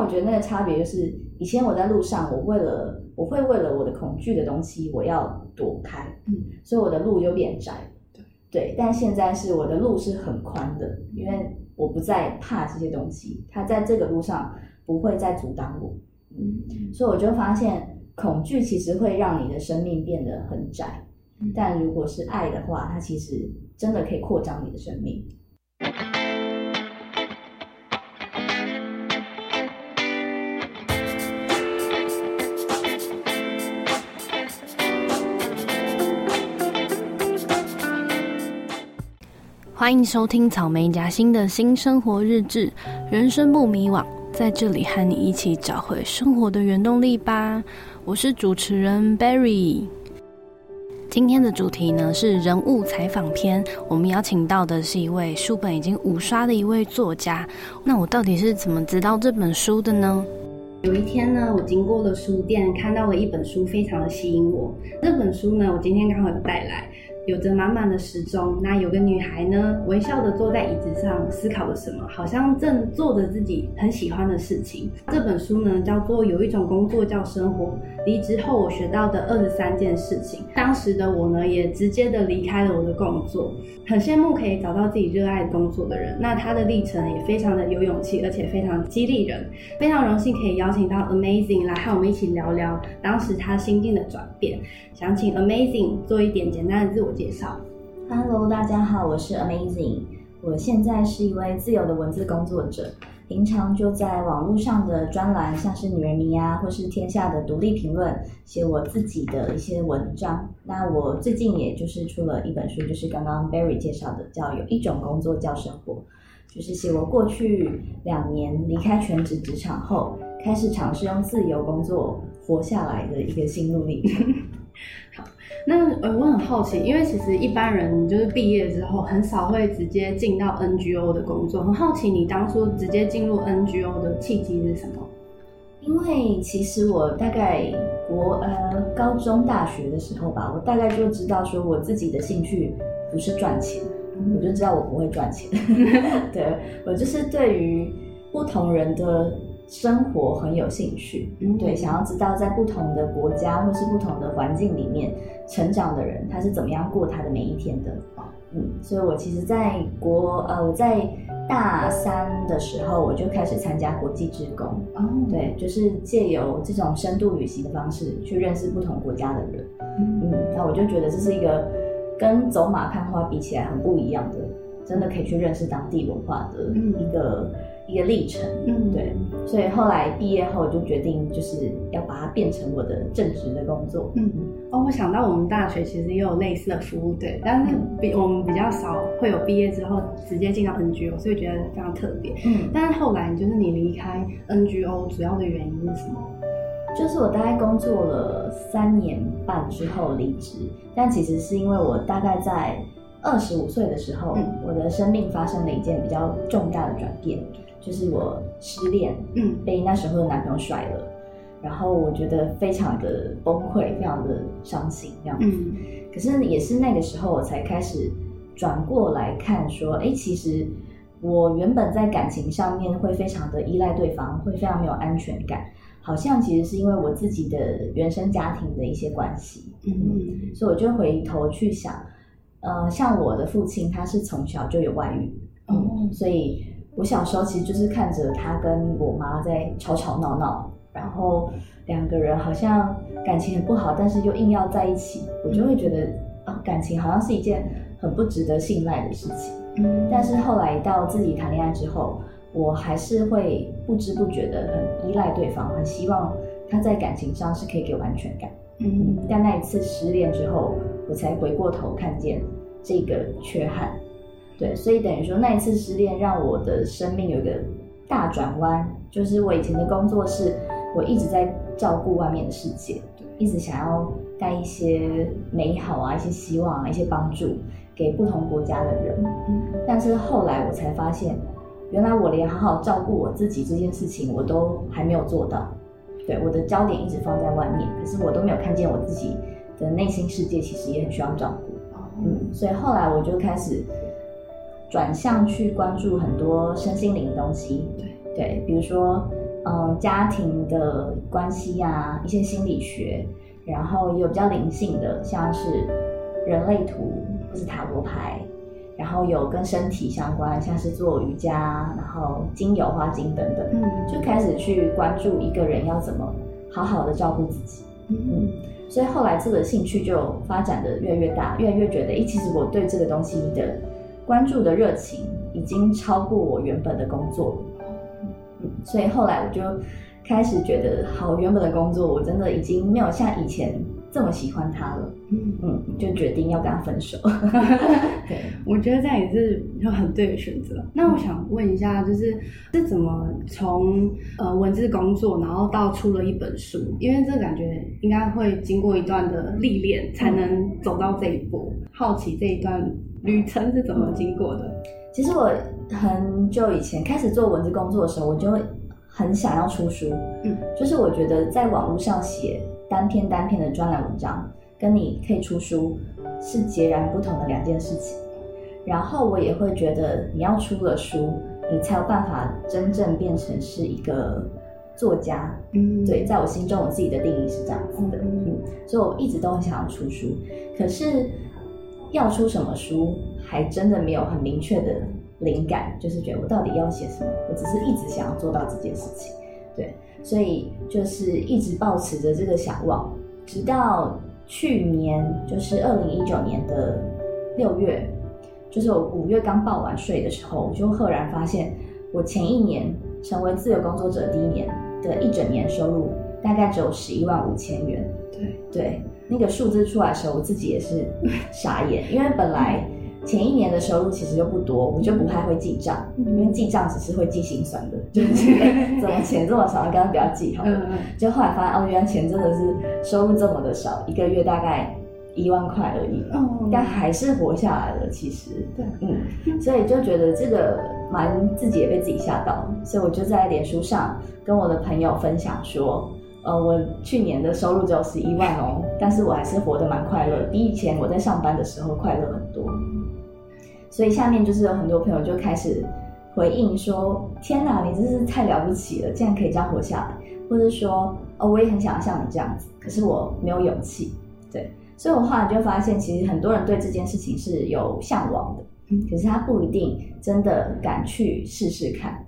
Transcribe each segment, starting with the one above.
我覺得那個差別就是，以前我在路上，我為了我會為了我的恐懼的東西，我要躲開，嗯、所以我的路就變窄。對，對，但現在是我的路是很寬的，嗯、因為我不再怕這些東西，它在這個路上不會再阻擋我。嗯、所以我就發現，恐懼其實會讓你的生命變得很窄，嗯、但如果是愛的話，它其實真的可以擴張你的生命。歡迎收聽《草莓夾心的》新生活日誌，人生不迷惘，在這裡和你一起找回生活的原動力吧。我是主持人 Berry。今天的主題呢是人物採訪篇，我們邀請到的是一位書本已經五刷的一位作家。那我到底是怎麼知道這本書的呢？有一天呢，我經過了書店，看到了一本書，非常的吸引我。這本書呢，我今天剛好有帶來。有着滿滿的時鐘。那有個女孩呢，微笑的坐在椅子上思考着什麼，好像正做着自己很喜歡的事情。這本書呢，叫做《有一種工作叫生活》，離職後我學到的二十三件事情。當時的我呢，也直接的離開了我的工作，很羨慕可以找到自己熱愛工作的人。那她的歷程也非常的有勇氣，而且非常激勵人。非常榮幸可以邀請到 Amazing 來和我們一起聊聊當時她心境的轉變。想請 Amazing 做一點簡單的自我。介紹，Hello，大家好，我是 Amazing，我現在是一位自由的文字工作者，平常就在網絡上的專欄，像是女人迷啊，或是天下的獨立評論，寫我自己的一些文章。那我最近也就是出了一本書，就是剛剛 Berry 介紹的，叫有一種工作叫生活，就是寫我過去兩年離開全職職場後，開始嘗試用自由工作活下來的一個心路歷程。好。 那呃、欸，我很好奇，因為其實一般人就是畢業之後很少會直接進到 NGO 的工作。很好奇你當初直接進入 NGO 的契機是什麼？因為其實我大概國呃高中大學的時候吧，我大概就知道說我自己的興趣不是賺錢，嗯嗯，我就知道我不會賺錢。 對，我就是對於不同人的。生活很有興趣，嗯，對，想要知道在不同的國家或是不同的環境裡面成長的人，他是怎麼樣過他的每一天的，嗯，所以我其實，在國呃，我在大三的時候，我就開始參加國際志工，哦、嗯，對，就是借由這種深度旅行的方式去認識不同國家的人，嗯,嗯，那我就覺得這是一個跟走馬看花比起來很不一樣的，真的可以去認識當地文化的一個。一個歷程，嗯，對，所以後來畢業後就決定就是要把它變成我的正職的工作，嗯，哦，我想到我們大學其實也有類似的服務，對，但是比、嗯、我們比較少會有畢業之後直接進到 NGO，所以覺得非常特別，嗯，但是後來就是你離開 NGO 主要的原因是什麼？就是我大概工作了三年半之後離職，但其實是因為我大概在二十五歲的時候，嗯、我的生命發生了一件比較重大的轉變。就是我失戀，嗯，被那時候的男朋友甩了，然後我覺得非常的崩潰，非常的傷心這樣子。嗯、可是也是那個時候，我才開始轉過來看，說，哎、欸，其實我原本在感情上面會非常的依賴對方，會非常沒有安全感，好像其實是因為我自己的原生家庭的一些關係，嗯，所以我就回頭去想，呃，像我的父親，他是從小就有外遇，嗯嗯、所以。我小時候其實就是看着他跟我媽在吵吵鬧鬧，然後兩個人好像感情很不好，但是又硬要在一起，我就會覺得啊，感情好像是一件很不值得信賴的事情。但是後來到自己談戀愛之後，我還是會不知不覺的很依賴對方，很希望他在感情上是可以給我安全感。嗯，但那一次失戀之後，我才回過頭看見這個缺憾。對，所以等於說那一次失戀讓我的生命有一個大轉彎。就是我以前的工作是，我一直在照顧外面的世界，對，一直想要帶一些美好啊、一些希望啊、一些幫助給不同國家的人。嗯，但是後來我才發現，原來我連好好照顧我自己這件事情我都還沒有做到。對，我的焦點一直放在外面，可是我都沒有看見我自己的內心世界其實也很需要照顧。嗯，嗯，所以後來我就開始。轉向去關注很多身心靈的東西，對對，比如說，嗯，家庭的關係啊，一些心理學，然後也有比較靈性的，像是人類圖或是塔羅牌，然後有跟身體相關，像是做瑜伽，然後精油、花精等等，就開始去關注一個人要怎麼好好的照顧自己。嗯哼，所以後來這個興趣就發展得越來越大，越來越覺得，欸，其實我對這個東西的。關注的熱情已經超過我原本的工作，嗯，所以後來我就開始覺得，好，原本的工作我真的已經沒有像以前這麼喜歡他了，嗯，嗯就決定要跟他分手、嗯。 對，我覺得這樣也是有很對的選擇。那我想問一下，就是是怎麼從、呃、文字工作，然後到出了一本書？因為這個感覺應該會經過一段的歷練，才能走到這一步。好奇這一段。旅程是怎麼經過的？嗯，其實我很久以前開始做文字工作的時候，我就很想要出書。嗯，就是我覺得在網絡上寫單篇單篇的專欄文章，跟你可以出書是截然不同的兩件事情。然後我也會覺得，你要出了書，你才有辦法真正變成是一個作家。嗯，對，在我心中，我自己的定義是這樣子的。嗯，嗯，所以我一直都很想要出書，可是。要出什麼書，還真的沒有很明確的靈感，就是覺得我到底要寫什麼？我只是一直想要做到這件事情，對，所以就是一直抱持着這個想望，直到去年，就是二零一九年的六月，就是我五月剛報完稅的時候，我就赫然發現，我前一年成為自由工作者第一年的一整年收入大概只有十一萬五千元，對對。那個數字出來的時候，我自己也是傻眼，因為本來前一年的收入其實就不多，我就不太會記賬，因為記賬只是會記心酸的，就是、欸、怎麼錢這麼少，剛剛不要記好了。就後來發現哦，原來錢真的是收入這麼的少，一個月大概一萬塊而已，但還是活下來了。其實對，嗯，所以就覺得這個蠻自己也被自己嚇到，所以我就在臉書上跟我的朋友分享說。呃，我去年的收入只有十一萬哦，但是我還是活得蠻快樂，比以前我在上班的時候快樂很多。所以下面就是有很多朋友就開始回應說：“天哪，你真是太了不起了，竟然可以這樣活下來。”或者說：“哦、呃，我也很想像你這樣子，可是我沒有勇氣。”對，所以我後來就發現，其實很多人對這件事情是有嚮往的，可是他不一定真的敢去試試看。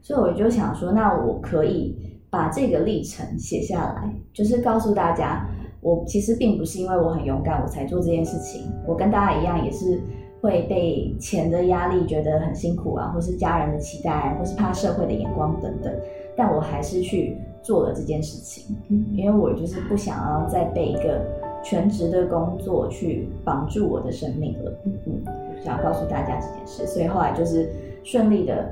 所以我就想說，那我可以。把這個歷程寫下來，就是告訴大家，我其實並不是因為我很勇敢，我才做這件事情。我跟大家一樣，也是會被錢的壓力覺得很辛苦啊，或是家人的期待，或是怕社會的眼光等等。但我還是去做了這件事情，因為我就是不想要再被一個全職的工作去綁住我的生命了。嗯，想要告訴大家這件事，所以後來就是順利的。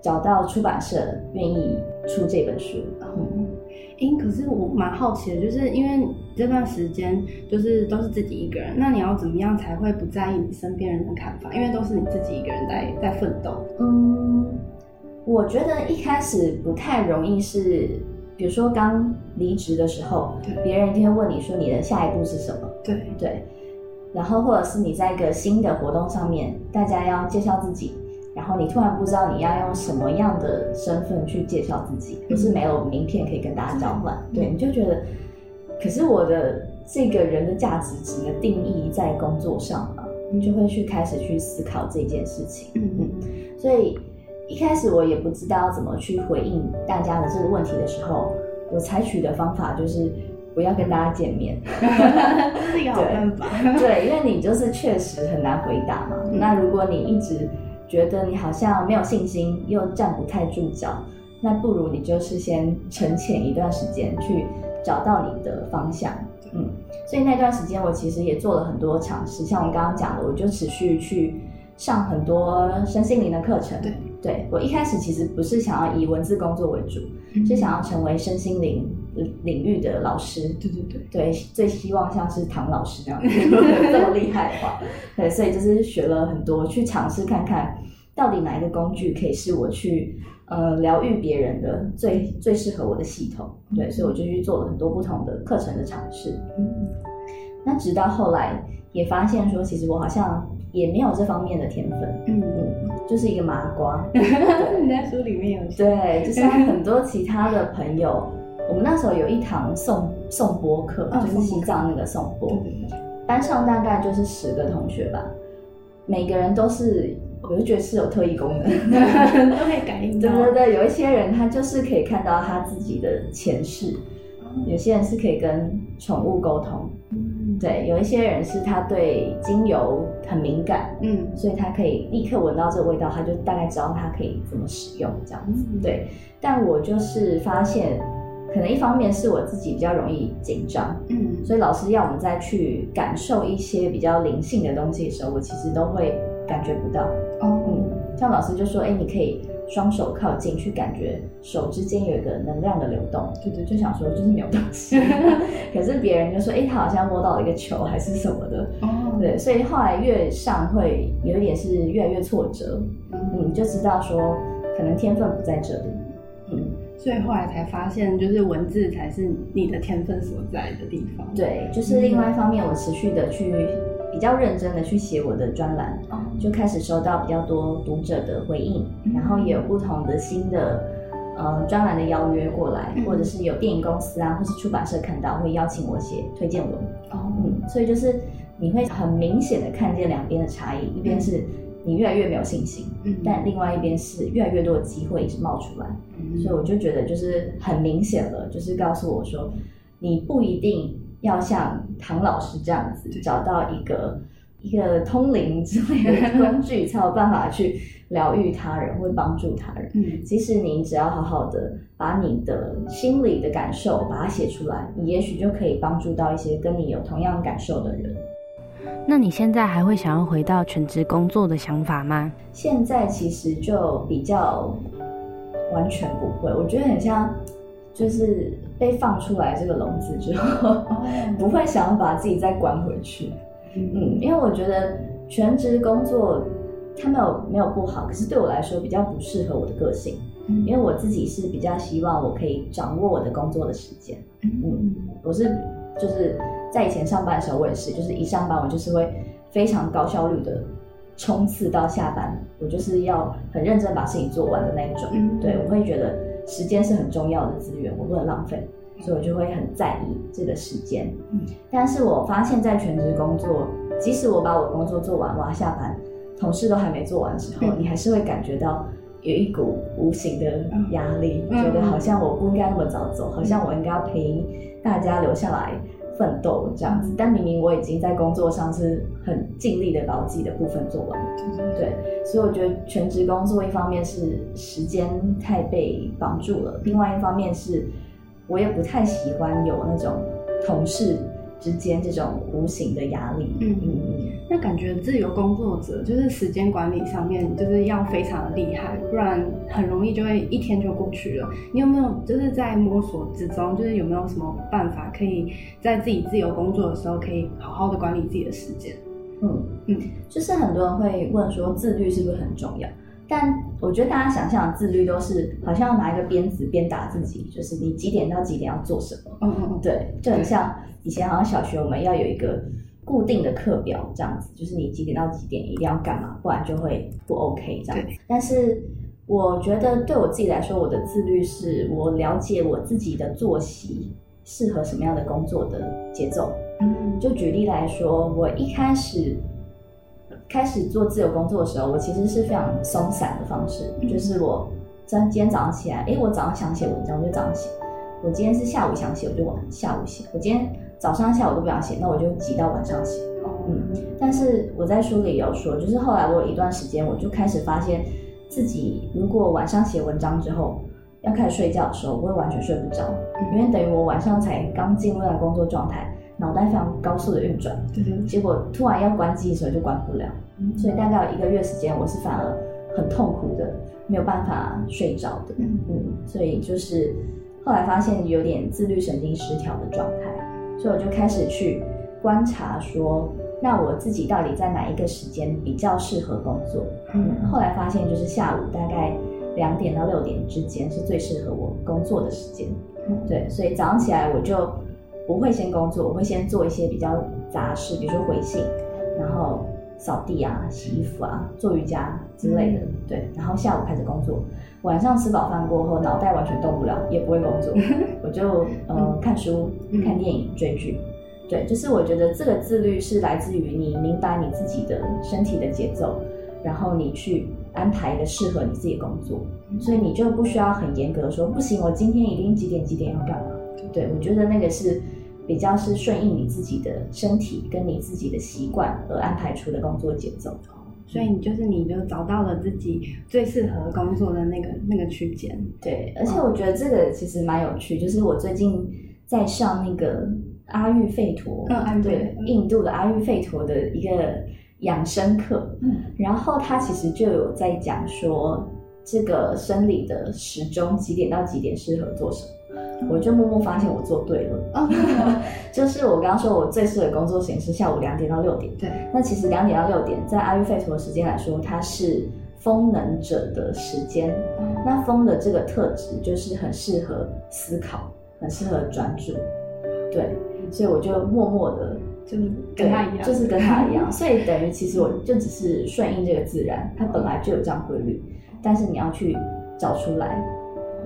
找到出版社願意出這本書。嗯，因、嗯、欸、可是我蠻好奇的，就是因為這段時間就是都是自己一個人，那你要怎麼樣才會不在意你身邊人的看法？因為都是你自己一個人在在奮鬥。嗯，我覺得一開始不太容易是，是比如說剛離職的時候，對，別人就會問你說，你的下一步是什麼？對對，然後或者是你在一個新的活動上面，大家要介紹自己。然後你突然不知道你要用什麼樣的身份去介紹自己，嗯、就是沒有名片可以跟大家交換，嗯、對，你就覺得，可是我的這個人的價值只能定義在工作上了你，嗯，就會去開始去思考這件事情。嗯，所以一開始我也不知道怎麼去回應大家的這個問題的時候，我採取的方法就是不要跟大家見面。這是個好辦法。 對， 對，因為你就是確實很難回答嘛。嗯、那如果你一直。覺得你好像沒有信心，又站不太住腳，那不如你就是先沉潛一段時間，去找到你的方向。嗯，所以那段時間我其實也做了很多嘗試，像我剛剛講的，我就持續去上很多身心靈的課程。對，對我一開始其實不是想要以文字工作為主，是、嗯、想要成為身心靈。領域的老師，對對對，對最希望像是唐老師這樣子 這麼厲害的話，對，所以就是學了很多，去嘗試看看到底哪一個工具可以是我去呃療癒別人的最最適合我的系統，對，所以我就去做了很多不同的課程的嘗試。嗯，那直到後來也發現說，其實我好像也沒有這方面的天分，嗯嗯，就是一個麻瓜。你在 書裡面有對，就像很多其他的朋友。 我們那時候有一堂頌缽課，哦、就是西藏那個頌缽，嗯、班上大概就是十個同學吧，每個人都是，我就覺得是有特異功能，都會感應到。對對對，有一些人他就是可以看到他自己的前世，有些人是可以跟寵物溝通，嗯、對，有一些人是他對精油很敏感，嗯，所以他可以立刻聞到這個味道，他就大概知道它可以怎麼使用這樣子。嗯、對，但我就是發現。可能一方面是我自己比較容易緊張，嗯，所以老師要我們再去感受一些比較靈性的東西的時候，我其實都會感覺不到哦，嗯，像老師就說，哎、欸，你可以雙手靠近去感覺手之間有一個能量的流動，對，對對，就想說就是沒有東西，啊， 可是別人就說，哎、欸，他好像摸到了一個球還是什麼的，哦，對，所以後來越上會有一點是越來越挫折，嗯，嗯，就知道說可能天分不在這裡。所以後來才發現，就是文字才是你的天分所在的地方。對，就是另外一方面，我持續的去比較認真的去寫我的專欄，就開始收到比較多讀者的回應，然後也有不同的新的呃、嗯、專欄的邀約過來，或者是有電影公司啊，或是出版社看到會邀請我寫推薦文。哦、嗯，所以就是你會很明顯的看見兩邊的差異，一邊是。你越來越沒有信心，但另外一邊是越來越多的機會一直冒出來，嗯、哼所以我就覺得就是很明顯了，就是告訴我說，你不一定要像唐老師這樣子對找到一個一個通靈之類的工具，才有辦法去療癒他人或幫助他人。嗯、其實你只要好好的把你的心裡的感受把它寫出來，你也許就可以幫助到一些跟你有同樣感受的人。那你現在還會想要回到全職工作的想法嗎？現在其實就比較完全不會，我覺得很像，就是被放出來這個籠子之後，嗯、不會想要把自己再關回去。嗯，嗯，因為我覺得全職工作它沒有沒有不好，可是對我來說比較不適合我的個性，嗯、因為我自己是比較希望我可以掌握我的工作的時間。嗯，嗯，我是就是。在以前上班的時候，我也是，就是一上班我就是會非常高效率的衝刺到下班，我就是要很認真把事情做完的那一種。對，我會覺得時間是很重要的資源，我不能浪費，所以我就會很在意這個時間。嗯，但是我發現，在全職工作，即使我把我工作做完，我要下班，同事都還沒做完的時候，你還是會感覺到有一股無形的壓力，覺得好像我不應該那麼早走，好像我應該要陪大家留下來。奮鬥這樣子，但明明我已經在工作上是很盡力的，把我自己的部分做完了，對，所以我覺得全職工作一方面是時間太被綁住了，另外一方面是我也不太喜歡有那種同事。之間這種無形的壓力，嗯嗯，嗯，那感覺自由工作者就是時間管理上面就是要非常的厲害，不然很容易就會一天就過去了。你有沒有就是在摸索之中，就是有沒有什麼辦法可以在自己自由工作的時候，可以好好的管理自己的時間？嗯嗯，嗯，就是很多人會問說，自律是不是很重要？但我覺得大家想象的自律都是好像要拿一個鞭子鞭打自己，就是你幾點到幾點要做什麼，嗯嗯哼對，就很像以前好像小學我們要有一個固定的課表這樣子，就是你幾點到幾點一定要幹嘛，不然就會不 OK 這樣子。對但是我覺得對我自己來說，我的自律是我了解我自己的作息適合什麼樣的工作的節奏。嗯，就舉例來說，我一開始。開始做自由工作的時候，我其實是非常鬆散的方式，就是我今今天早上起來，哎、欸，我早上想寫文章，我就早上寫；我今天是下午想寫，我就晚下午寫；我今天早上下午都不想寫，那我就擠到晚上寫。嗯，但是我在書裡也有說，就是後來我有一段時間，我就開始發現自己如果晚上寫文章之後要開始睡覺的時候，我會完全睡不着，因為等於我晚上才剛進入到工作狀態。腦袋非常高速的運轉，嗯、哼結果突然要關機的時候，就關不了。嗯、哼所以大概有一個月時間，我是反而很痛苦的，沒有辦法睡着的。嗯，哼嗯，所以就是後來發現有點自律神經失調的狀態，所以我就開始去觀察說，說那我自己到底在哪一個時間比較適合工作？嗯哼，後，後來發現就是下午大概兩點到六點之間是最適合我工作的時間。嗯、哼對，所以早上起來我就。不會先工作，我會先做一些比較雜事，比如說回信，然後掃地啊、洗衣服啊、做瑜伽之類的，對。然後下午開始工作，晚上吃飽飯過後，腦袋完全動不了，也不會工作，我就呃看書、看電影、追劇，對。就是我覺得這個自律是來自於你明白你自己的身體的節奏，然後你去安排一個適合你自己工作，所以你就不需要很嚴格的說，不行，我今天一定幾點幾點要幹嘛？對，我覺得那個是。比較是順應你自己的身體跟你自己的習慣而安排出的工作節奏，嗯，所以你就是你就找到了自己最適合工作的那個那個區間。對，而且我覺得這個其實蠻有趣，嗯，就是我最近在上那個阿育吠陀，嗯，對，印度的阿育吠陀的一個養生課，嗯，然後他其實就有在講說這個生理的時鐘幾點到幾點適合做什麼。我就默默發現我做對了， 就是我剛剛說，我最適合工作時間是下午兩點到六點。對，那其實兩點到六點，在阿育吠陀時間來說，它是風能者的時間。嗯。那風的這個特質就是很適合思考，很適合專注。對，所以我就默默的，就跟他一樣，就是跟他一樣。 所以等於其實我就只是順應這個自然，它本來就有這樣規律，但是你要去找出來。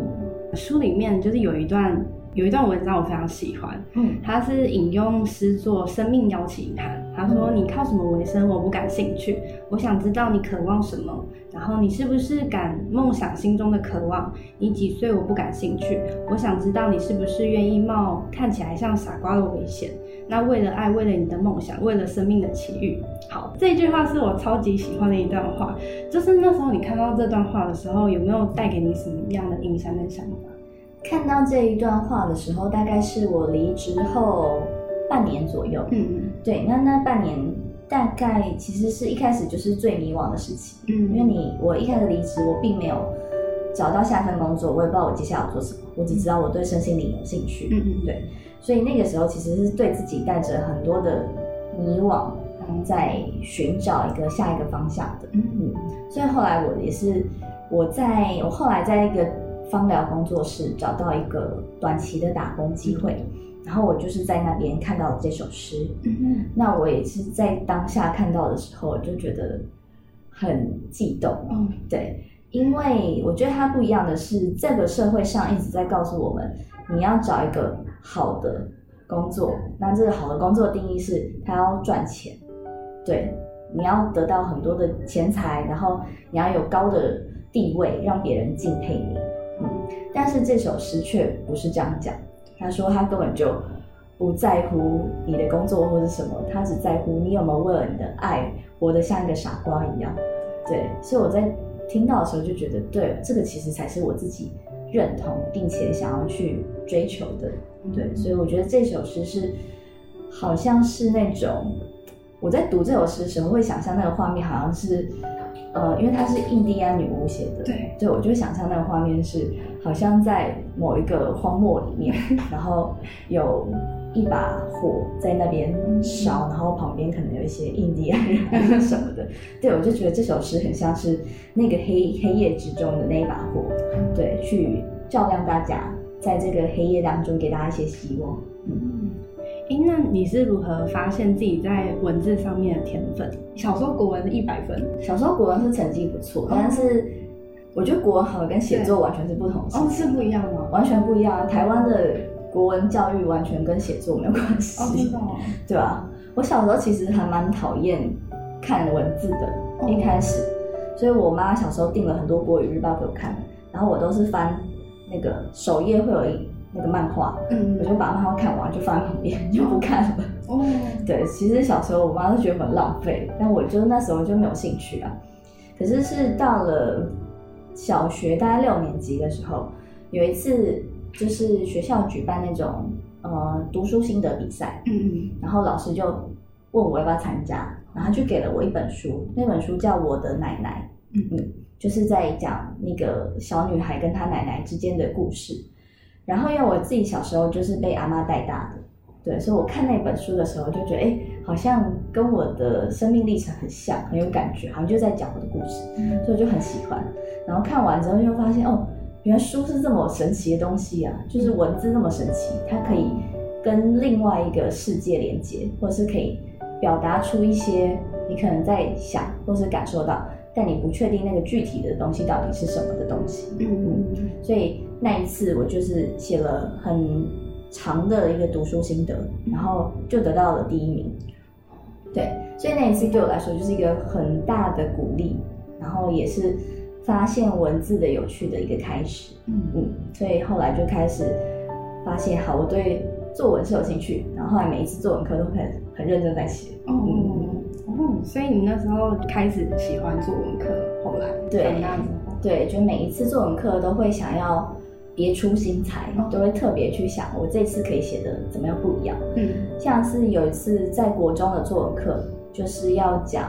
嗯。書裡面就是有一段有一段文章我非常喜歡，嗯，它是引用詩作《生命邀請函》，他說：“你靠什麼維生？我不感興趣。嗯、我想知道你渴望什麼，然後你是不是敢夢想心中的渴望？你幾歲？我不感興趣。我想知道你是不是願意冒看起來像傻瓜的危險。”那為了愛，為了你的夢想，為了生命的奇遇。好，這一句話是我超級喜歡的一段話。就是那時候你看到這段話的時候，有沒有帶給你什麼樣的印象跟想法？看到這一段話的時候，大概是我離職後半年左右。嗯、嗯，對。那那半年大概其實是一開始就是最迷惘的時期。嗯、嗯，因為你我一開始離職，我並沒有找到下一份工作，我也不知道我接下來要做什麼。我只知道我對身心靈有興趣。嗯嗯，對。所以那個時候其實是對自己帶着很多的迷惘，在尋找一個下一個方向的。嗯，所以後來我也是，我在我後來在一個芳療工作室找到一個短期的打工機會，然後我就是在那邊看到這首詩。嗯嗯，那我也是在當下看到的時候就覺得很悸動。嗯，對，因為我覺得它不一樣的是，這個社會上一直在告訴我們，你要找一個。好的工作，那這個好的工作的定義是，他要賺錢，對，你要得到很多的錢財，然後你要有高的地位，讓別人敬佩你。嗯，但是這首詩卻不是這樣講。他說，他根本就不在乎你的工作或是什麼，他只在乎你有沒有為了你的愛活得像一個傻瓜一樣。對，所以我在聽到的時候就覺得，對，這個其實才是我自己認同並且想要去追求的。對，所以我覺得這首詩是，好像是那種，我在讀這首詩的時候，會想象那個畫面，好像是，呃，因為它是印第安女巫寫的，對，對我就想象那個畫面是，好像在某一個荒漠裡面，然後有一把火在那邊燒，嗯，然後旁邊可能有一些印第安人什麼的，對，我就覺得這首詩很像是那個黑黑夜之中的那一把火，對，去照亮大家。在這個黑夜當中，給大家一些希望。嗯，因那你是如何發現自己在文字上面的天分？小時候國文是一百分，小時候國文是成績不錯，哦、但是我覺得國文好跟寫作完全是不同對哦，是不一樣嗎？完全不一樣啊！台灣的國文教育完全跟寫作沒有關係。哦，知道對吧？啊？我小時候其實還蠻討厭看文字的，一開始，哦、所以我媽小時候訂了很多國語日報給我看，然後我都是翻。那個首頁會有那個漫畫，嗯、我就把漫畫看完，就放旁邊、嗯、就不看了。哦， 對，其實小時候我媽都覺得很浪費，但我就那時候我就沒有興趣啊。可是是到了小學大概六年級的時候，有一次就是學校舉辦那種呃讀書心得比賽，嗯嗯，然後老師就問我要不要參加，然後就給了我一本書，那本書叫《我的奶奶》，嗯。嗯就是在講那個小女孩跟她奶奶之間的故事，然後因為我自己小時候就是被阿媽帶大的，對，所以我看那本書的時候就覺得，哎，好像跟我的生命歷程很像，很有感覺，好像就在講我的故事，所以我就很喜歡。然後看完之後又發現，哦，原來書是這麼神奇的東西啊，就是文字那麼神奇，它可以跟另外一個世界連接，或是可以表達出一些你可能在想或是感受到。但你不確定那個具體的東西到底是什麼的東西，嗯嗯，所以那一次我就是寫了很長的一個讀書心得，然後就得到了第一名，對，所以那一次對我來說就是一個很大的鼓勵，然後也是發現文字的有趣的一個開始，嗯嗯，所以後來就開始發現，好，我對作文是有興趣，然後後來每一次作文課都很很認真在寫，哦、嗯。所以你那時候開始喜歡作文課，後來對，那樣子，對，就每一次作文課都會想要別出心裁，都、oh. 會特別去想我這次可以寫的怎麼樣不一樣。嗯，像是有一次在國中的作文課，就是要講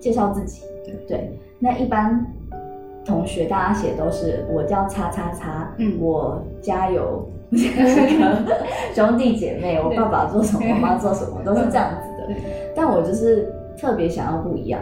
介紹自己。對對，那一般同學大家寫都是我叫叉叉叉，嗯，我家有 兄弟姐妹，我爸爸做什麼，對我媽做什麼，都是這樣子的。對但我就是。特別想要不一樣，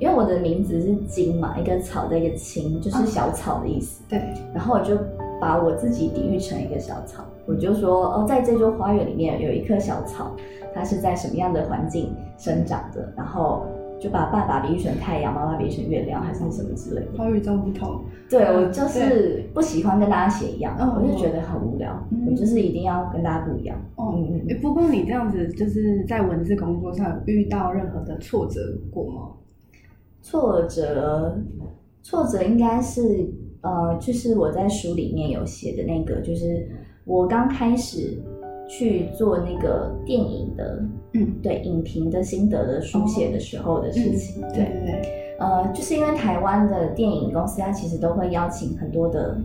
因為我的名字是菁嘛，一個草的一個青，就是小草的意思。Okay. 對，然後我就把我自己比喻成一個小草，我就說哦，在這座花園裡面有一棵小草，它是在什麼樣的環境生長的，然後。就把爸爸比喻成太陽，媽媽比喻成月亮，還是什麼之類的。好與眾不同。對，我就是不喜歡跟大家寫一樣，嗯、我就覺得很無聊。嗯、我就是一定要跟大家不一樣。哦、嗯，嗯、不過你這樣子就是在文字工作上有遇到任何的挫折過嗎？挫折，挫折應該是呃，就是我在書裡面有寫的那個，就是我剛開始。去做那個電影的，嗯，對，影評的心得的書寫的時候的事情，哦嗯、對對呃，就是因為台灣的電影公司，它其實都會邀請很多的，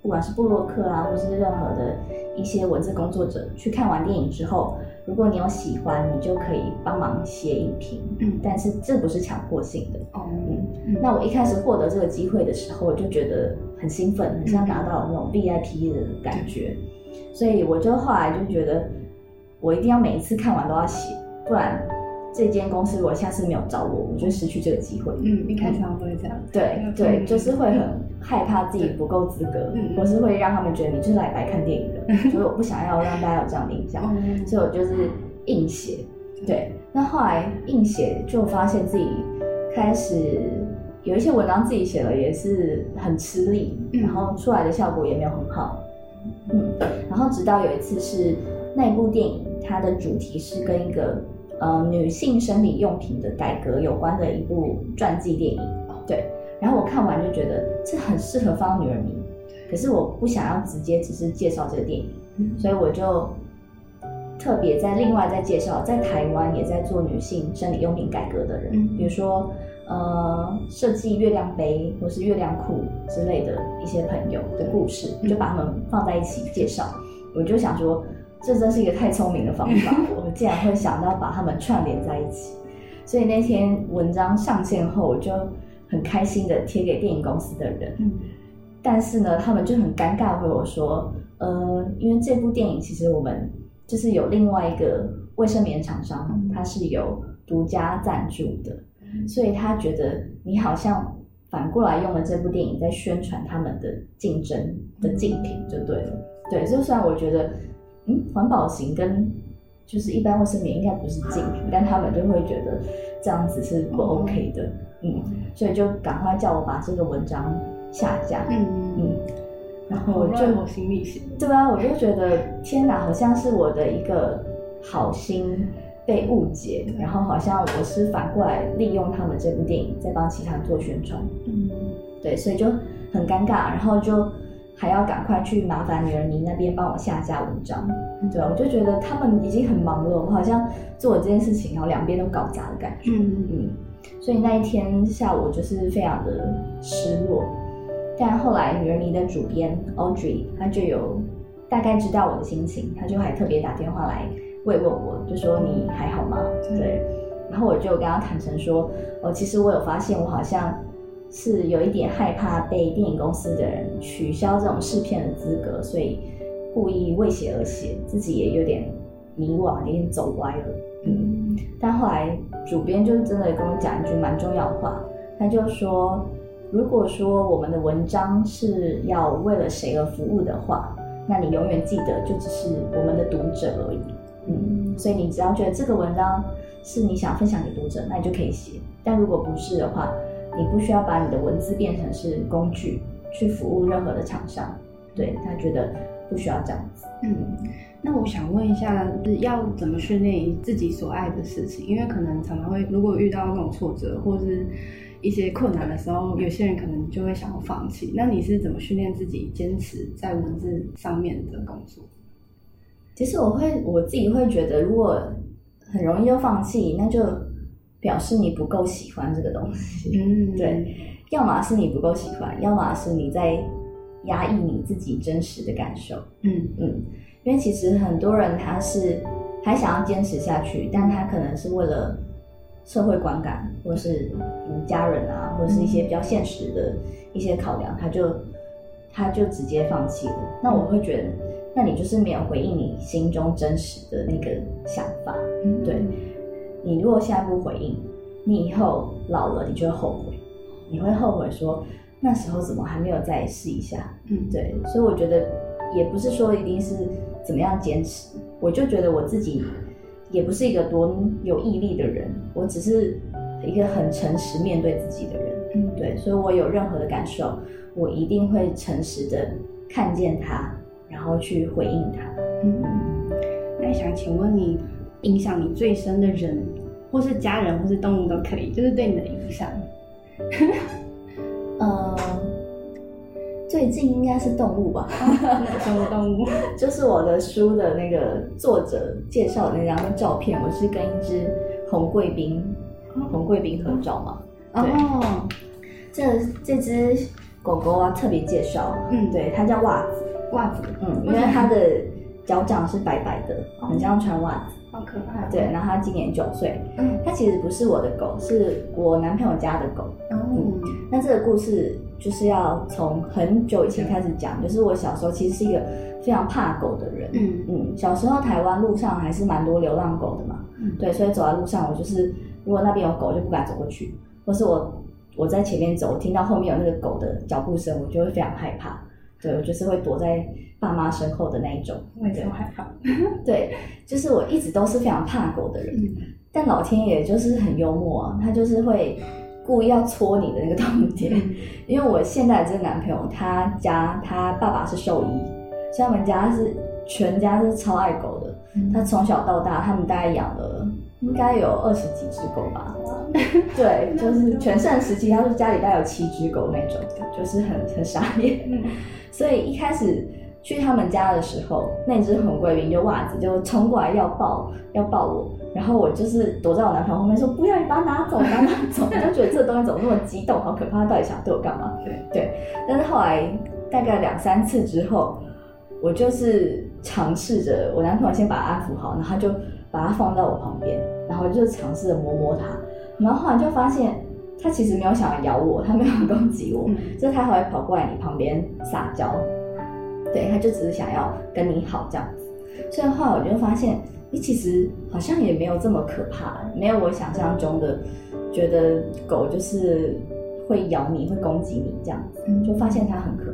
不管是部落客啊，或是任何的一些文字工作者，去看完電影之後，如果你有喜歡，你就可以幫忙寫影評，嗯，但是這不是強迫性的，哦，那我一開始獲得這個機會的時候，我就覺得很興奮，很像拿到那種 VIP 的感覺。嗯所以我就後來就覺得，我一定要每一次看完都要寫，不然這間公司如果下次沒有找我，我就失去這個機會。嗯，你看他我都會這樣。對 Okay. 對，就是會很害怕自己不夠資格，嗯、我是會讓他們覺得你就是來白看電影的，嗯、所以我不想要讓大家有這樣的印象，嗯、所以我就是硬寫。對，那後來硬寫就發現自己開始有一些文章自己寫了也是很吃力，然後出來的效果也沒有很好。嗯，然後直到有一次是那一部電影，它的主題是跟一個呃女性生理用品的改革有關的一部傳記電影。對，然後我看完就覺得這很適合放女人迷，可是我不想要直接只是介紹這個電影，所以我就特別在另外再介紹在台灣也在做女性生理用品改革的人，比如說。呃，設計月亮杯或是月亮褲之類的一些朋友的故事，就把他們放在一起介紹。嗯、我就想說，這真是一個太聰明的方法，嗯、我們竟然會想到把他們串聯在一起。所以那天文章上線後，我就很開心的貼給電影公司的人。嗯、但是呢，他們就很尷尬的回我說，呃，因為這部電影其實我們就是有另外一個衛生棉廠商，它是有獨家贊助的。所以他覺得你好像反過來用了這部電影在宣傳他們的競爭的競品就對了，對，就算我覺得，嗯，環保型跟就是一般衛生棉應該不是競品，但他們就會覺得這樣子是不 OK 的，嗯，所以就趕快叫我把這個文章下架，嗯嗯，然後我就心裡對吧？啊？我就覺得天哪，好像是我的一個好心。被誤解，然後好像我是反過來利用他們這部電影在幫其他人做宣傳，嗯，對，所以就很尷尬，然後就還要趕快去麻煩《女人迷》那邊幫我下架文章，對，我就覺得他們已經很忙了，我好像做了這件事情，然後兩邊都搞砸的感覺，嗯，嗯，所以那一天下午就是非常的失落，但後來《女人迷》的主編 Audrey 他就有大概知道我的心情，他就還特別打電話來。會問我，就說你還好嗎？對，嗯、然後我就跟他坦誠說，我、哦、其實我有發現，我好像是有一點害怕被電影公司的人取消這種試片的資格，所以故意為寫而寫，自己也有點迷惘，有點走歪了。嗯，但後來主編就真的跟我講一句蠻重要的話，他就說，如果說我們的文章是要為了誰而服務的話，那你永遠記得，就只是我們的讀者而已。嗯，所以你只要覺得這個文章是你想分享給讀者，那你就可以寫。但如果不是的話，你不需要把你的文字變成是工具去服務任何的廠商。對，他覺得不需要這樣子。嗯，嗯，那我想問一下，是要怎麼訓練自己所愛的事情？因為可能常常會，如果遇到那種挫折或是一些困難的時候，有些人可能就會想要放棄。那你是怎麼訓練自己堅持在文字上面的工作？其實我會我自己會覺得，如果很容易就放棄，那就表示你不夠喜歡這個東西。嗯，對，要麼是你不夠喜歡，要麼是你在壓抑你自己真實的感受。嗯嗯，因為其實很多人他是還想要堅持下去，但他可能是為了社會觀感，或是家人啊，或是一些比較現實的一些考量，嗯、他就他就直接放棄了。那我會覺得。那你就是沒有回應你心中真實的那個想法，對。你如果現在不回應，你以後老了，你就會後悔，你會後悔說那時候怎麼還沒有再試一下。嗯，對。所以我覺得也不是說一定是怎麼樣堅持，我就覺得我自己也不是一個多有毅力的人，我只是一個很誠實面對自己的人。嗯，對。所以我有任何的感受，我一定會誠實的看見他。然後去回應他。嗯，那想請問你，影響你最深的人，或是家人，或是動物都可以，就是對你的影響。嗯、 呃，最近應該是動物吧？什麼動物？就是我的書的那個作者介紹的那張照片，我是跟一隻紅貴賓、紅貴賓合照嘛。哦，這這隻狗狗啊，特別介紹，嗯，對，它叫襪子。襪子，嗯，因為它的腳掌是白白的，很像穿襪子，好可愛。對，然後它今年九歲，嗯，它其實不是我的狗，是我男朋友家的狗。哦、嗯，那、嗯、這個故事就是要從很久以前開始講，嗯、就是我小時候其實是一個非常怕狗的人，嗯嗯，小時候台灣路上還是蠻多流浪狗的嘛，嗯、對，所以走在路上我就是如果那邊有狗就不敢走過去，或是我我在前面走，我聽到後面有那個狗的腳步聲，我就會非常害怕。對我就是會躲在爸媽身後的那一種，為什麼害怕？ 對，就是我一直都是非常怕狗的人，嗯、但老天爺就是很幽默啊。他就是會故意要戳你的那個痛點。嗯、因為我現在的這個男朋友，他家他爸爸是獸醫，所以我們家是全家是超愛狗的，嗯、他從小到大他們大概養了應該有二十幾隻狗吧。 對，就是全盛時期，他說家裡大概有七隻狗那種，就是很很傻眼。 所以一開始去他們家的時候，那隻紅貴賓就襪子就衝過來要抱，要抱我，然後我就是躲在我男朋友後面說不要，你把它拿走，把它拿走。 我就覺得這東西怎麼那麼激動，好可怕，他到底想對我幹嘛？對對。但是後來大概兩三次之後，我就是嘗試着我男朋友先把它安撫好，然後他就把它放到我旁邊，然後就嘗試着摸摸它。然後後來就發現，它其實沒有想要咬我，它沒有攻擊我，嗯、就是它還會跑過來你旁邊撒嬌，對，它就只是想要跟你好這樣子。所以後來我就發現，你其實好像也沒有這麼可怕，沒有我想象中的、嗯、覺得狗就是會咬你、會攻擊你這樣子，嗯、就發現它很可怕。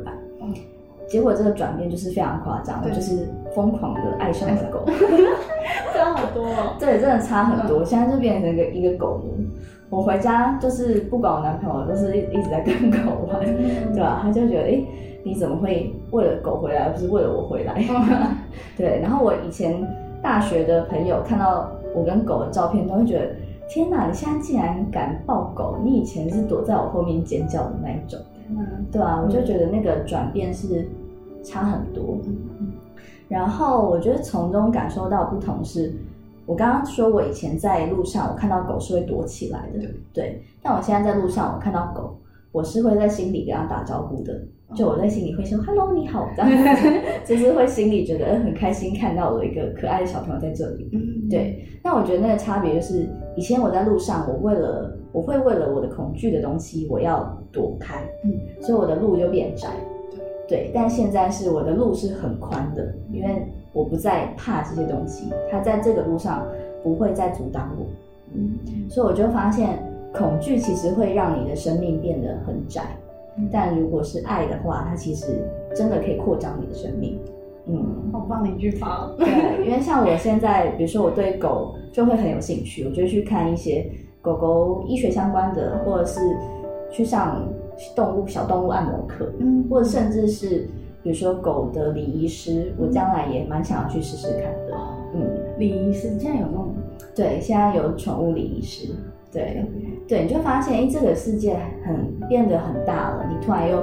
結果這個轉變就是非常誇張，就是瘋狂的愛上了狗，對 差好多哦、喔。對，真的差很多。嗯、現在就變成一個一個狗奴。我回家就是不管我男朋友，都、就是一一直在跟狗玩，嗯嗯嗯對吧、啊？他就覺得，哎、欸，你怎麼會為了狗回來，而不是為了我回來？嗯嗯嗯 對。然後我以前大學的朋友看到我跟狗的照片，都會覺得，天哪、啊，你現在竟然敢抱狗？你以前是躲在我後面尖叫的那一種，嗯、對吧、啊？我就覺得那個轉變是。差很多，嗯嗯、然後我覺得從中感受到不同是，我剛剛說我以前在路上我看到狗是會躲起來的，對，對，但我現在在路上我看到狗，我是會在心裡跟它打招呼的，哦、就我在心裡會說、哦、“hello，你好”，這樣子， 就是會心裡覺得很開心看到我一個可愛的小朋友在這裡，嗯、對。那、嗯、我覺得那個差別就是，以前我在路上，我為了我會為了我的恐懼的東西，我要躲開，嗯、所以我的路就變窄。對，但現在是我的路是很寬的，因為我不再怕這些東西，它在這個路上不會再阻擋我。嗯，所以我就發現，恐懼其實會讓你的生命變得很窄。嗯，但如果是愛的話，它其實真的可以擴張你的生命。嗯，好棒的一句話，對， 因為像我現在，比如說我對狗就會很有興趣，我就去看一些狗狗醫學相關的，或者是去上。動物小動物按摩課，嗯，或者甚至是，比如說狗的禮儀師，嗯、我將來也蠻想要去試試看的。嗯，禮儀師現在有弄嗎？對，現在有寵物禮儀師。對，對，對，你就發現，哎、欸，這個世界很變得很大了，你突然又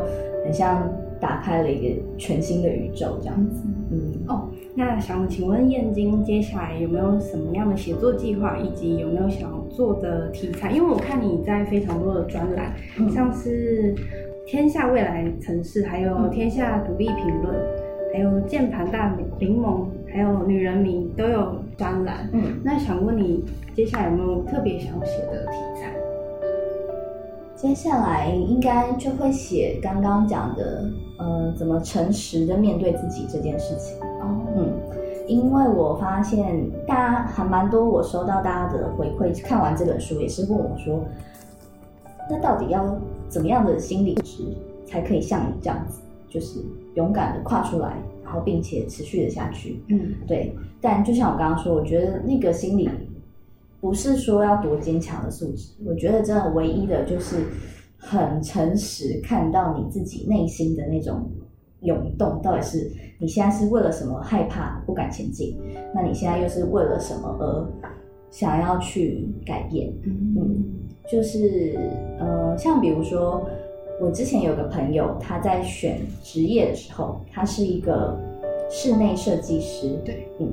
很像打開了一個全新的宇宙這樣子。嗯，哦，那想請問彥菁接下來有沒有什麼樣的寫作計劃，以及有沒有想做的題材，因為我看你在非常多的專欄，嗯、像是《天下未來城市》，還有《天下獨立評論》嗯，還有《鍵盤大檸檬》，還有《女人迷》都有專欄。嗯，那想問你，接下來有沒有特別想寫的題材？接下來應該就會寫剛剛講的，呃，怎麼誠實地面對自己這件事情。哦。嗯。因為我發現，大家還蠻多，我收到大家的回饋，看完這本書也是問我說，那到底要怎麼樣的心理素質才可以像你這樣子，就是勇敢的跨出來，然後並且持續的下去？嗯，對。但就像我剛剛說，我覺得那個心理不是說要多堅強的素質，我覺得真的唯一的就是很誠實，看到你自己內心的那種。湧動，到底是你現在是為了什麼害怕不敢前進？那你現在又是為了什麼而想要去改變？嗯，嗯，就是呃，像比如說，我之前有個朋友，他在選職業的時候，他是一個室內設計師。對，嗯，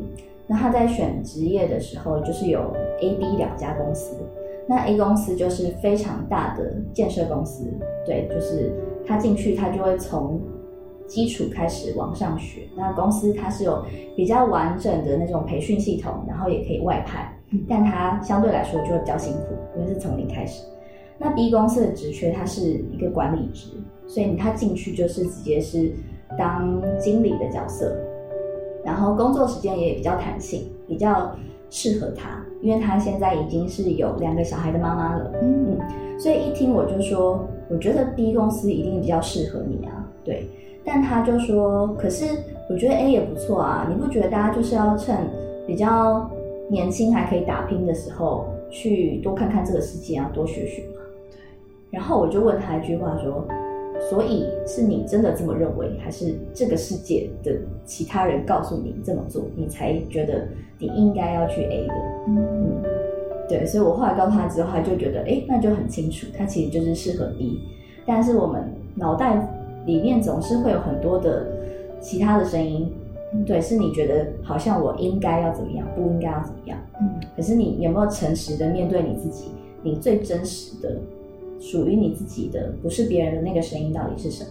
那他在選職業的時候，就是有 A、B 兩家公司。那 A 公司就是非常大的建設公司，對，就是他進去，他就會從。基礎開始往上學，那公司它是有比較完整的那種培訓系統，然後也可以外派，但它相對來說就會比較辛苦，因為是從零開始。那 B 公司的職缺它是一個管理職，所以他進去就是直接是當經理的角色，然後工作時間也比較彈性，比較適合他，因為他現在已經是有兩個小孩的媽媽了，嗯嗯，所以一聽我就說，我覺得 B 公司一定比較適合你啊，對。但他就說：“可是我覺得 A 也不錯啊，你不覺得大家就是要趁比較年輕還可以打拼的時候，去多看看這個世界啊，多學學嗎？”對。然後我就問他一句話說：“所以是你真的這麼認為，還是這個世界的其他人告訴你這麼做，你才覺得你應該要去 A 的？”嗯嗯，對。所以我後來告訴他之後，他就覺得：“哎、欸，那就很清楚，他其實就是適合 B。”但是我們腦袋。裡面總是會有很多的其他的聲音，對，是你覺得好像我應該要怎麼樣，不應該要怎麼樣。嗯，可是你有沒有誠實的面對你自己，你最真實的、屬於你自己的，不是別人的那個聲音到底是什麼？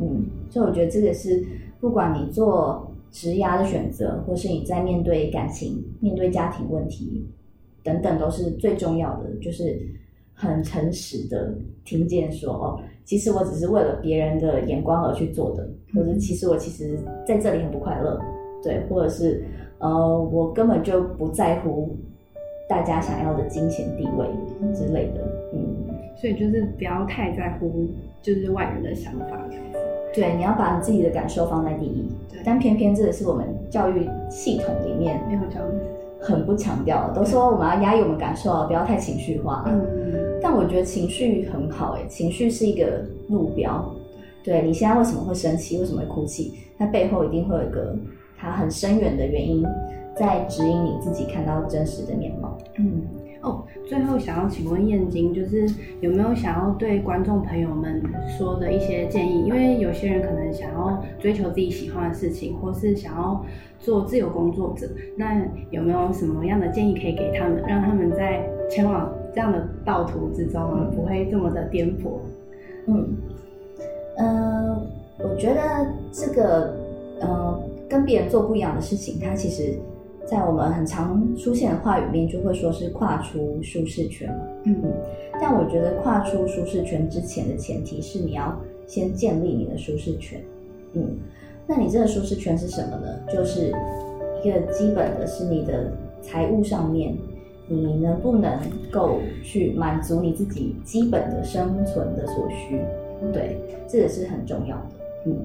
嗯，所以我覺得這個是，不管你做職業的選擇，或是你在面對感情、面對家庭問題等等，都是最重要的，就是很誠實的聽見說哦。其實我只是為了別人的眼光而去做的，嗯、或者其實我其實在這裡很不快樂，對，或者是呃我根本就不在乎大家想要的金錢地位之類的，嗯，所以就是不要太在乎就是外人的想法，對，你要把你自己的感受放在第一，對但偏偏這也是我們教育系統裡面沒有這樣很不強調，都說我們要壓抑我們感受啊，不要太情緒化啊。嗯，但我覺得情緒很好，欸，情緒是一個路標。對，你現在為什麼會生氣，為什麼會哭泣，它背後一定會有一個它很深遠的原因，在指引你自己看到真實的面貌。嗯。哦，最後想要請問彥菁，就是有沒有想要對觀眾朋友們說的一些建議？因為有些人可能想要追求自己喜歡的事情，或是想要做自由工作者，那有沒有什麼樣的建議可以給他們，讓他們在前往這樣的道途之中不會這麼的顛簸？嗯，嗯、呃、我覺得這個呃，跟別人做不一樣的事情，它其實。在我們很常出現的話語裡面，就會說是跨出舒適圈嘛。嗯，但我覺得跨出舒適圈之前的前提是你要先建立你的舒適圈。嗯，那你這個舒適圈是什麼呢？就是一個基本的是你的財務上面，你能不能夠去滿足你自己基本的生存的所需？對，這也是很重要的。嗯，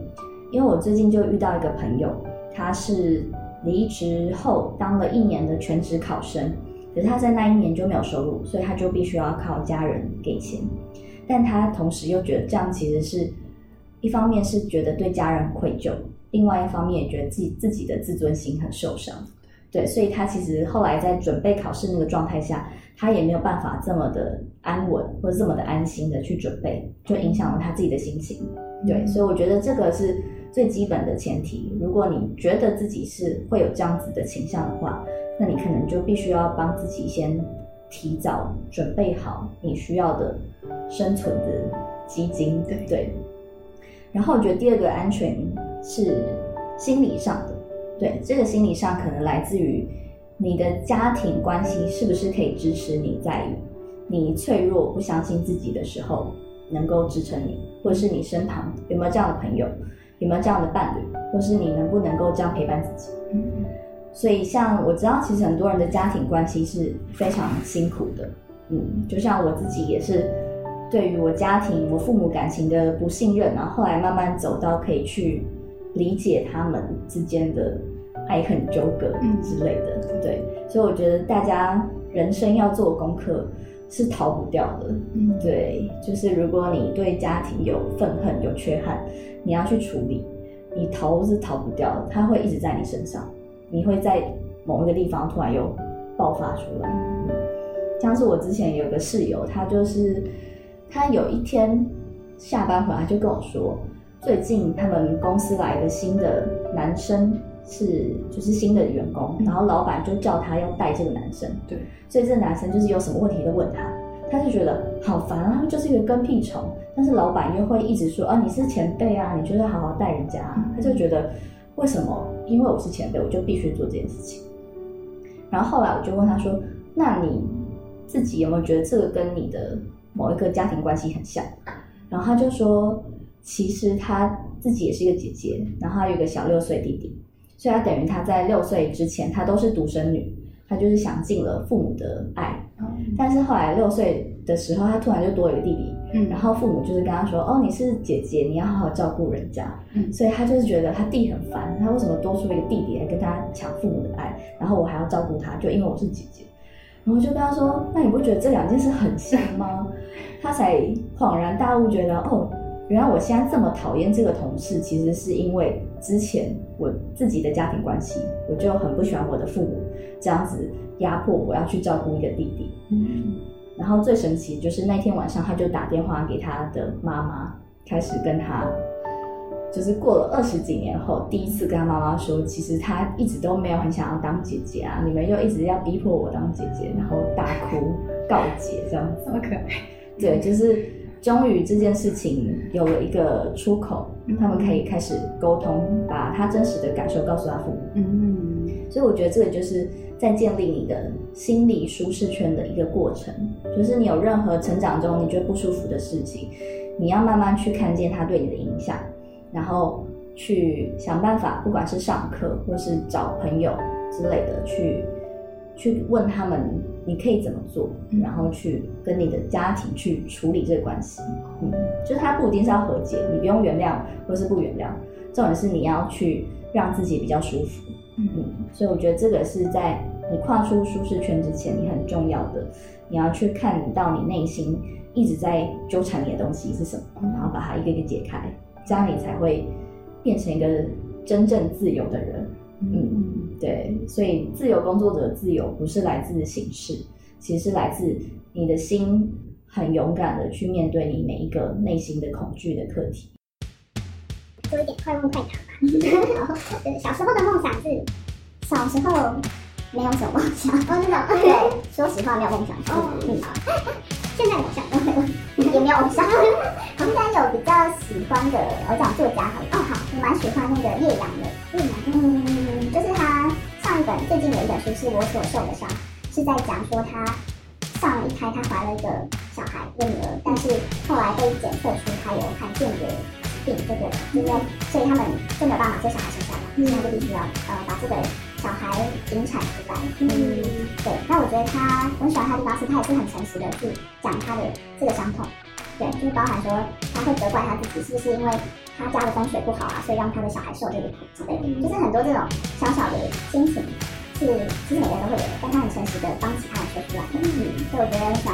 因為我最近就遇到一個朋友，他是。離職後當了一年的全職考生，可是他在那一年就沒有收入，所以他就必須要靠家人給錢。但他同時又覺得這樣其實是一方面是覺得對家人愧疚，另外一方面也覺得自己自己的自尊心很受傷。對，所以他其實後來在準備考試那個狀態下，他也沒有辦法這麼的安穩或者這麼的安心的去準備，就影響了他自己的心情。對，所以我覺得這個是。最基本的前提，如果你覺得自己是會有這樣子的傾向的話，那你可能就必須要幫自己先提早準備好你需要的生存的基金，對不對？ 然後我覺得第二個安全是心理上的，對，這個心理上可能來自於你的家庭關係是不是可以支持你在你脆弱、不相信自己的時候能夠支撐你，或者是你身旁有沒有這樣的朋友。有沒有這樣的伴侶，或是你能不能夠這樣陪伴自己？嗯，所以像我知道，其實很多人的家庭關係是非常辛苦的。嗯，就像我自己也是，對於我家庭、我父母感情的不信任，然後後來慢慢走到可以去理解他們之間的愛恨糾葛之類的。嗯、對，所以我覺得大家人生要做功課。是逃不掉的，嗯，對，就是如果你對家庭有憤恨、有缺憾，你要去處理，你逃是逃不掉的，它會一直在你身上，你會在某一個地方突然又爆發出來。像是我之前有個室友，他就是他有一天下班回來就跟我說，最近他們公司來的新的男生，是，就是新的員工，嗯、然後老闆就叫他要帶這個男生。對，所以這個男生就是有什麼問題都問他，他就覺得好煩啊，他就是一個跟屁蟲。但是老闆又會一直說，啊，你是前輩啊，你就是好好帶人家、啊。嗯、他就覺得、嗯、為什麼？因為我是前輩，我就必須做這件事情。然後後來我就問他說，那你自己有沒有覺得這個跟你的某一個家庭關係很像？然後他就說，其實他自己也是一個姐姐，然後他有一個小六歲弟弟。所以她，等於她在六歲之前，她都是獨生女，她就是享盡了父母的愛。嗯。但是後來六歲的時候，她突然就多了一個弟弟。嗯。然後父母就是跟她說：“哦，你是姐姐，你要好好照顧人家。”嗯。所以她就是覺得她弟很煩，她為什麼多出一個弟弟來跟她搶父母的愛？然後我還要照顧他，就因為我是姐姐。然後就跟她說：“那你不覺得這兩件事很像嗎？”她 才恍然大悟，覺得哦。原來我現在這麼討厭這個同事，其實是因為之前我自己的家庭關係，我就很不喜歡我的父母這樣子壓迫我要去照顧一個弟弟。嗯，然後最神奇就是那天晚上，他就打電話給他的媽媽，開始跟他，就是過了二十幾年後，嗯、第一次跟他媽媽說，其實他一直都沒有很想要當姐姐啊，你們又一直要逼迫我當姐姐，然後大哭告解這樣子。好可愛。對，就是。終於這件事情有了一個出口，他們可以開始溝通，把他真實的感受告訴他父母。嗯，嗯，嗯，所以我覺得這個就是在建立你的心理舒適圈的一個過程，就是你有任何成長中你覺得不舒服的事情，你要慢慢去看見他對你的影響，然後去想辦法，不管是上課或是找朋友之類的去。去問他們，你可以怎麼做，嗯、然後去跟你的家庭去處理這個關係。嗯，就是他不一定是要和解，你不用原諒或是不原諒，重點是你要去讓自己比較舒服。嗯，嗯，所以我覺得這個是在你跨出舒適圈之前你很重要的，你要去看到你內心一直在糾纏你的東西是什麼，嗯、然後把它一個一個解開，這樣你才會變成一個真正自由的人。嗯。嗯對，所以自由工作者的自由不是來自形式，其實是來自你的心，很勇敢的去面對你每一個內心的恐懼的課題。多一點快問快答吧。 小時候的夢想是，小時候沒有什麼夢想，真的對，說實話沒有夢想，oh. 好 我想。哦，現在夢想都沒有，也沒有夢想。我 們 有比較喜歡的偶像作家，哦好，我蠻喜歡那個葉陽的。嗯，就是他。最近有一本書是我所受的傷，是在講說她上一胎她懷了一個小孩，一個女兒，但是後來被檢測出她有罕見的病，這個因為所以他們都沒有辦法這小孩生下來，現在、嗯、就必須要呃把這個小孩引產出來。嗯，對。那我覺得他我喜歡他的方式，他也是很誠實的去講他的這個傷痛，對，就是包含說他會責怪他自己，是不是因為？他家的風水不好啊，所以讓他的小孩受這個苦之類的。就是很多這種小小的心情，是其實每個人都會有的，但他很誠實幫的幫其他人說出來。嗯，所以我覺得他也是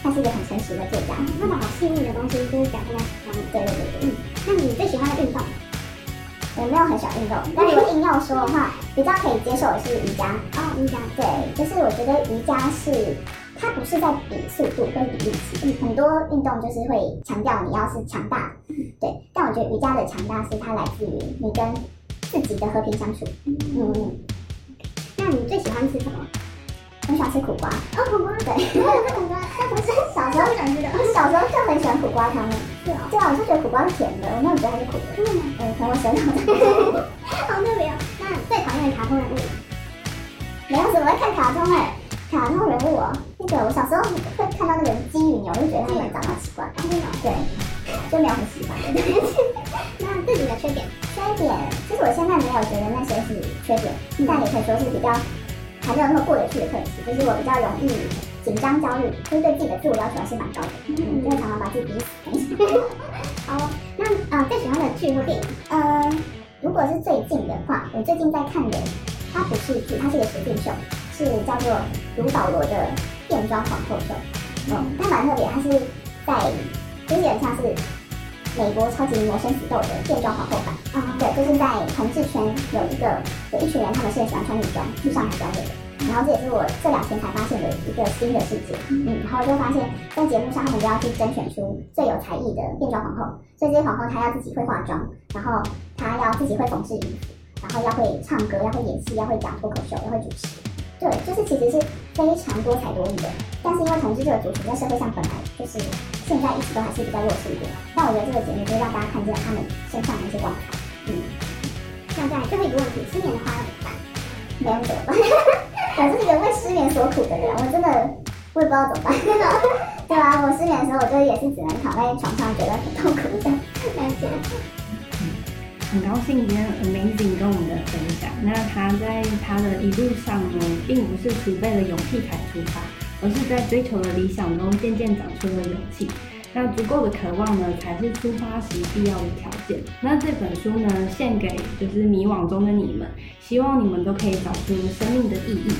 他是一個很誠實的作家，他、嗯、好細膩的東西就是講他喜歡對對對對。嗯，那你最喜歡的運動？有沒有很喜歡運動，但是硬要說的話，嗯、比較可以接受的是瑜伽。哦，瑜伽。對，就是我覺得瑜伽是。它不是在比速度，跟比力氣。很多運動就是會強調你要是強大，對。但我覺得瑜伽的強大是它來自於你跟自己的和平相處。嗯。那你最喜歡吃什麼？我喜歡吃苦瓜。哦，苦瓜。對。我喜歡吃苦瓜，但不是小時候小時候就很喜歡苦瓜湯嗎？對啊。我就覺得苦瓜是甜的，我沒有覺得它是苦的。真的嗎？嗯，甜我小時候。哈哈哈哈哈！太好，那最討厭的卡通人物？沒有什麼，看卡通哎。卡通人物、哦，那個我小時候會看到那個金魚牛，就覺得他們長得奇怪。對，對，就沒有很奇怪。 那自己的缺點？缺點就是我現在沒有覺得那些是缺點，但也可以說是比較還沒有那麼過得去的特質，就是我比較容易緊張焦慮，就是對自己的自我要求還是蠻高的，嗯、就會常常把自己逼死。 好，那啊、呃，最喜歡的劇或電影？必呃，如果是最近的話，我最近在看的，它不是劇，它是一個脫口秀。是叫做魯保羅的變裝皇后秀，嗯，但蠻特別，它是在，就是有點像是美國超級名模生死鬥的變裝皇后版，啊、嗯，對，就是在同志圈有一個有一群人，他們是喜歡穿女裝去上台表演，然後這也是我這兩天才發現的一個新的世界，嗯，然後就發現，在節目上他們就要去甄選出最有才藝的變裝皇後，所以這些皇後她要自己會化妝，然後她要自己會縫制衣服，然後要會唱歌，要會演戲，要會講脫口秀，要會主持。對，就是其實是非常多才多藝的，但是因為同志這個族群在社會上本來就是現在一直都還是比較弱勢一點，但我覺得這個節目就是讓大家看見他們身上的一些光環。嗯。現在最後一個問題，失眠的話，怎麼辦？沒有怎麼辦？我 是一個為失眠所苦的人，我真的我也不知道怎麼辦。 對吧？我失眠的時候，我就也是只能躺在床上，覺得很痛苦一樣。感謝。很高興今天 Amazing 跟我們的分享。那他在他的一路上呢，並不是儲備了勇氣才出發，而是在追求的理想中漸漸長出了勇氣。那足夠的渴望呢，才是出發時必要的條件。那這本書呢，獻給就是迷惘中的你們，希望你們都可以找出生命的意義。